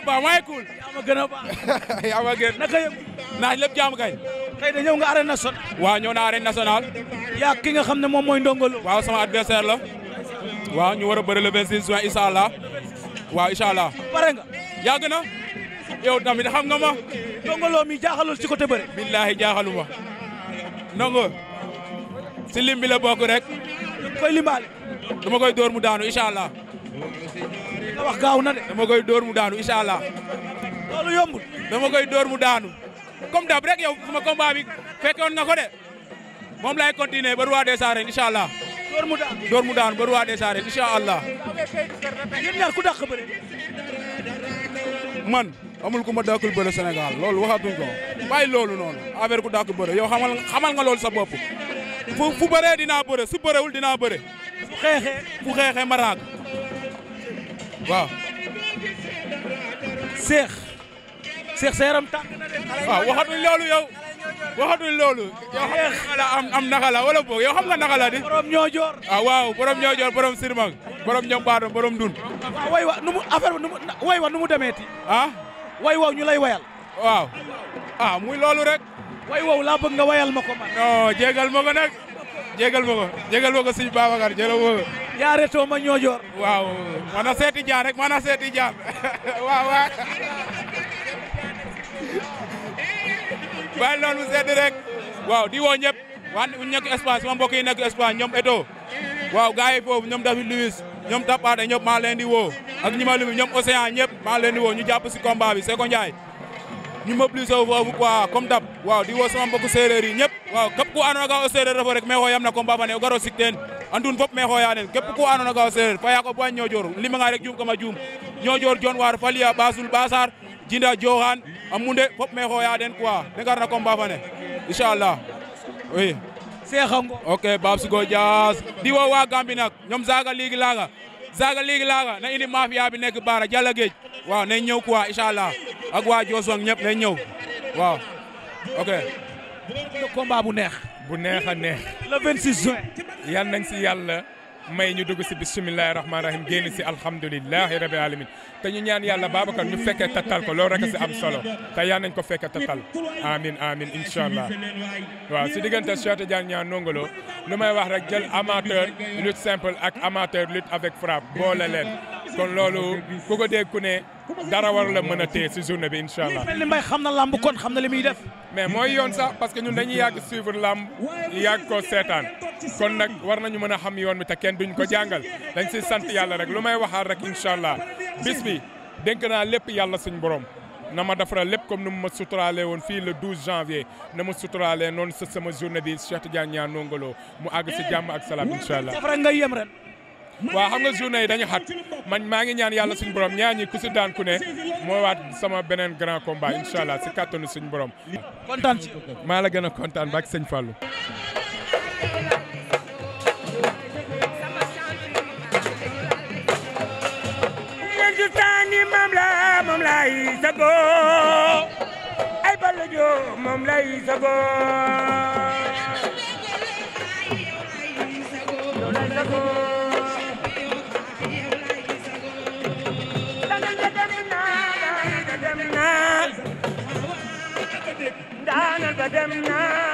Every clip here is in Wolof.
yaa ba may kuul. yaa gën a baax. yaa ma gën naka kay. tey de ñëw nga arène nationale. waa ñëw na arène nationale. yaa ki nga xam ne moom mooy ndongolo. waaw sama adversaire la. waaw ñu war a bëri le 26 juin incha allah. waaw incha allah. pare nga. yàgg na. tamit xam nga ma. ndongolo mi jaaxalul ci côté bëre. billahi jaaxalu ma. ndongo. si lim bi la bokk rek. koy limbaale. dama koy door daanu incha allah. wax gaaw na de. dama mu daanu incha allah. loolu yombul. dama koy dóor mu daanu. comme dab rek yow sama combat bi fekkoon nga ko de moom laay continuer ba roi des arènes allah. dóor mu daanu dóor mu daanu ba roi des allah. yéen ku dàq bëri. man amul ku ma dàqul bëre loolu waxatuñ ko bàyyi loolu noonu affaire ku dàq bëre yow xamal xamal nga loolu sa bopp fu fu bëree dinaa bëre su bërewul dinaa bëre. xeexee fu xeexee maraak waaw. seex. seex sa yaram tàng na de. waaw loolu yow. waxatuñ loolu. yow xam nga wala boog yow xam nga naka ñoo joor. ah waaw borom ñoo borom sirmang borom ñoom baadoo borom dun. Ah, waaw wa nu mu affaire nu way wa nu mu demee ti. ah. way lay wayal. waaw. ah muy loolu rek. way wow laa bëgg nga wayal ma ko man. non jégal ma ko nag. jégal ma ko jégal ma ko suñu yaa reto ma ñoojoor waaw mana seeti jaan rek mana seeti jaan waaw waaw bàyyi loolu mu seeti waaw di woo ñëpp waa u nekk Espagne sama mbokk yi nekk Espagne ñoom Eto waaw gars yi foofu ñoom David Luiz ñoom Tapade ñëpp maa leen di woo ak ñi ma limi ñoom Océan ñëpp maa leen di woo ñu jàpp si combat bi Seko ñu mobiliser wu foofu quoi comme dab waaw di woo sama mbokk séeréer yi ñëpp waaw képp ku àndoon ak o séeréer rek mais na combat fa ne o garo andun fop me xoyanen ku andoona ga o fa yaag o bo a ñojoor limanga rek juum a juum jon waar fa liya ɓasul jinda joxaan a fop me xooya ne ngarna combat fane inchallah i seexango ok Bab di wo wa Gambi nak ñoom zaga liigi laaga zaga liigi laaga na indi mafia nekk bara jala geej waaw nañ ñëw quoi inchallah ak waa Diosone ñëpp nañ ñëw waaw ok combat bu neex bu neex neex yan nañ si yàlla may ñu dugg si bisimilahi rahmaani rahim génn si alhamdulilahi rabil alamin te ñu ñaan yàlla Babacar ñu fekke tattal ko loolu rek si am solo te yal nañ ko fekkee tattal amin amin incha allah waaw si diggante Cheikh Tidiane Niang Ndongo Lo lu may wax rek jël amateur lutte simple ak amateur lutte avec frappe boole leen kon loolu ku ko dégg ku ne dara war la mën a téye si journée bi incha allah. mel ni xam na lamb kon xam na li muy def. mais mooy yoon sax parce que ñun dañuy yàgg suivre lamb yàgg ko seetaan. kon nag war nañu mën a xam yoon bi te kenn duñ ko jàngal dañ siy sant yàlla rek lu may waxaat rek incha allah bis bi naa lépp yàlla suñ borom na ma defaral lépp comme ni mu ma suturaalee woon fii le 12 janvier na ma suturaalee noonu sa sama journée bi Cheikh Tidiane Niang Ndongo mu àgg si eh, jàmm ak salaam incha allah. waa xam nga journée yi dañu xat man maa ngi ñaan yàlla suñu borom ñaar ñi ku si daan ku ne mooy waat sama beneen grand combat incha allah si kàttanu suñu borom. kontaan ci maa la gën a kontaan ba ak sëñ Fallou. ay balla joo moom lay sago daanal ba dem naa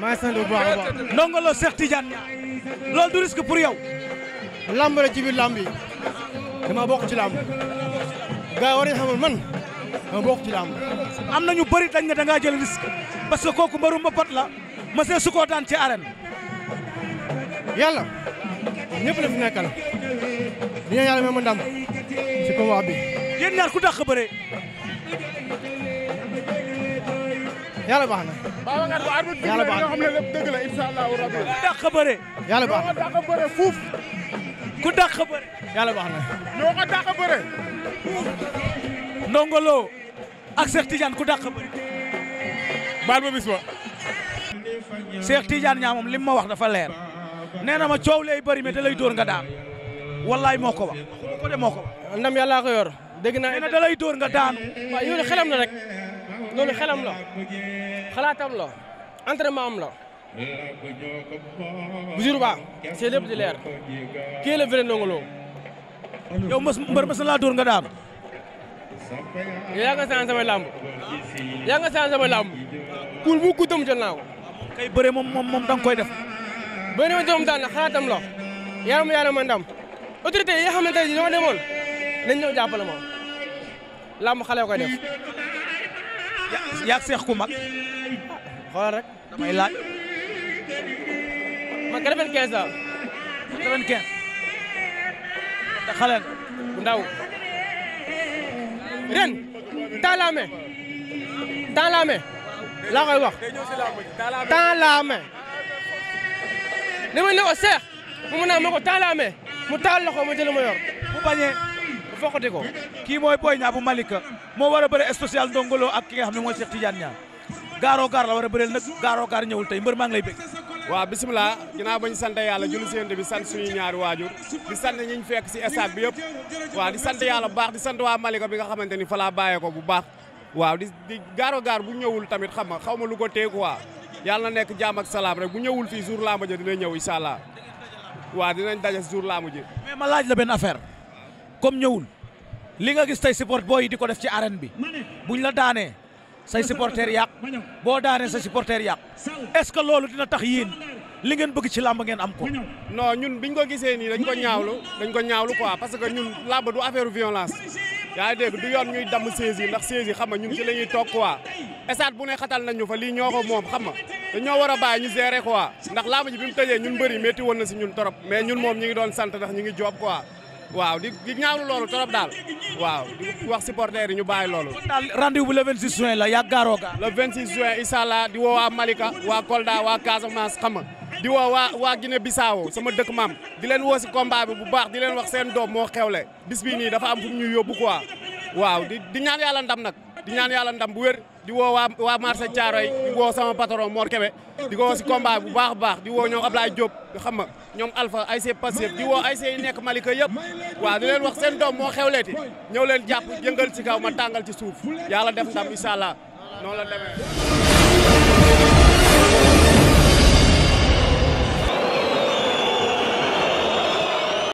maa ngi sant bu baax a baax. ndongo la Cheikh Tidiane loolu du risque pour yow. lamb ci biir lamb yi dama bokk ci lamb gars war nañu xamoon man dama bokk ci lamb. am na bëri dañ ne da ngaa jël parce que kooku mbaru mbapat la ma see su ci arène. yàlla ñëpp la fi nekkal. di ñaan yàlla may ma ndam ci combat bi. yéen ñaar ku dàq bëree. yàlla baax na. nga xam ne lépp dëgg la incha allahu ku dàq bëre. yàlla baax na ñoo ko bëre fuuf. ku dàq ak Cheikh Tidiane ku dàq bëre. baal ma bis ma. Cheikh Tidiane ñaa moom li wax dafa leer. nee na ma coow lay bëri mais da lay nga daan. wallaay moo ko moo ko wax. ndam ko yor. dégg na da lay dóor nga daan. waaw yow xelam na rek. loolu xelam la xalaatam la entraînement am la bujur ba c'est lépp di leer kii la vrai Ndongo Lo yow mës mës laa dóor nga daam yaa nga saan sama làmb yaa nga saan sama làmb kuul bu kuutam jël naa ko bëre moom moom moom danga koy def bëri ma jom daan xalaatam la yaram yaram ma ndam autorité yi nga xamante ne ñoo demoon nañ ñëw jàppale ma làmb xale koy def yaa seex ku mag. xoolal rek damay laaj. man 95 laa. 95. te xale nga bu ndaw. ren. dans la main. laa koy wax. dans la main. li ma mu mun a ma ko dans la main. mu taal loxo ma jël ma yor. bañee. foqati ko kii mooy Boy Niang bu Malika moo war a bëre spécial Ndongo Lo ak ki nga xam ne mooy Cheikh Tidiane Niang gaaroo gaar la war a bëreel nag gaaroo gaar ñëwul tey mbër maa ngi lay bëgg waaw bisimilah ginnaaw bañ sant yàlla julli séente bi sant suñu ñaari waajur di sant ñiñ fekk si stade bi yëpp waaw di sant yàlla bu baax di sant waa Malika bi nga xamante ni fa laa ko bu baax waaw di di gaar bu ñëwul tamit xam nga xaw ma lu ko téye quoi yàlla na nekk jaam ak salaam rek bu ñëwul fii jour làmb ji dina ñëw incha allah waaw dinañ daje jour làmb ji mais ma laaj la benn affaire comme ñëwul li nga gis say support booy yi di ko def ci arène bi buñ la daanee say supporters yàq boo daanee say supporters yàq est-ce que loolu dina tax yéen li ngeen bëgg ci làmb ngeen am ko. non ñun biñ ko gisee nii dañ ko ñaawlu dañ ko ñaawlu quoi parce que ñun làmb du affaire violence. yaa ngi dégg du yoon ñuy damm saisi ndax saisi xam nga ñun ci la ñuy toog quoi esaat bu ne xatal nañ ñu fa lii ñoo ko moom xam nga dañoo war a bàyyi ñu gérer quoi ndax làmb ji bi ñun bëri métti na si ñun torop mais ñun moom ñu ngi doon sant ndax ñu ngi joob quoi. waaw di di ñaawlu loolu trop daal waaw di wax supporters yi ñu bàyyi loolu. kon daal rendez-vous bu le la yàgg gaaroo ga vingt 26 juin incha allah di woo waa Malika waa Kolda waa Casamance xam di woo waa waa Guinée Bissau sama dëkk maam di leen woo si combat bu baax di leen wax seen doom moo xewle bis bii nii dafa am fu ñu yóbbu quoi waaw di di ñaan yàlla ndam nag di ñaan yàlla ndam bu wér. di woo waa waa marché Thiaroye di woo sama patron Mor Kébé di woo si combat bu baax a baax di woo ñoom Ablaye Diop xam nga ñoom alfa ay see Pastef di woo ay see yi nekk Malika yëpp waa di leen wax seen doom moo xewleeti ñëw leen jàpp yëngal si kaw ma tàngal ci suuf yàlla def ndam incha allah la deme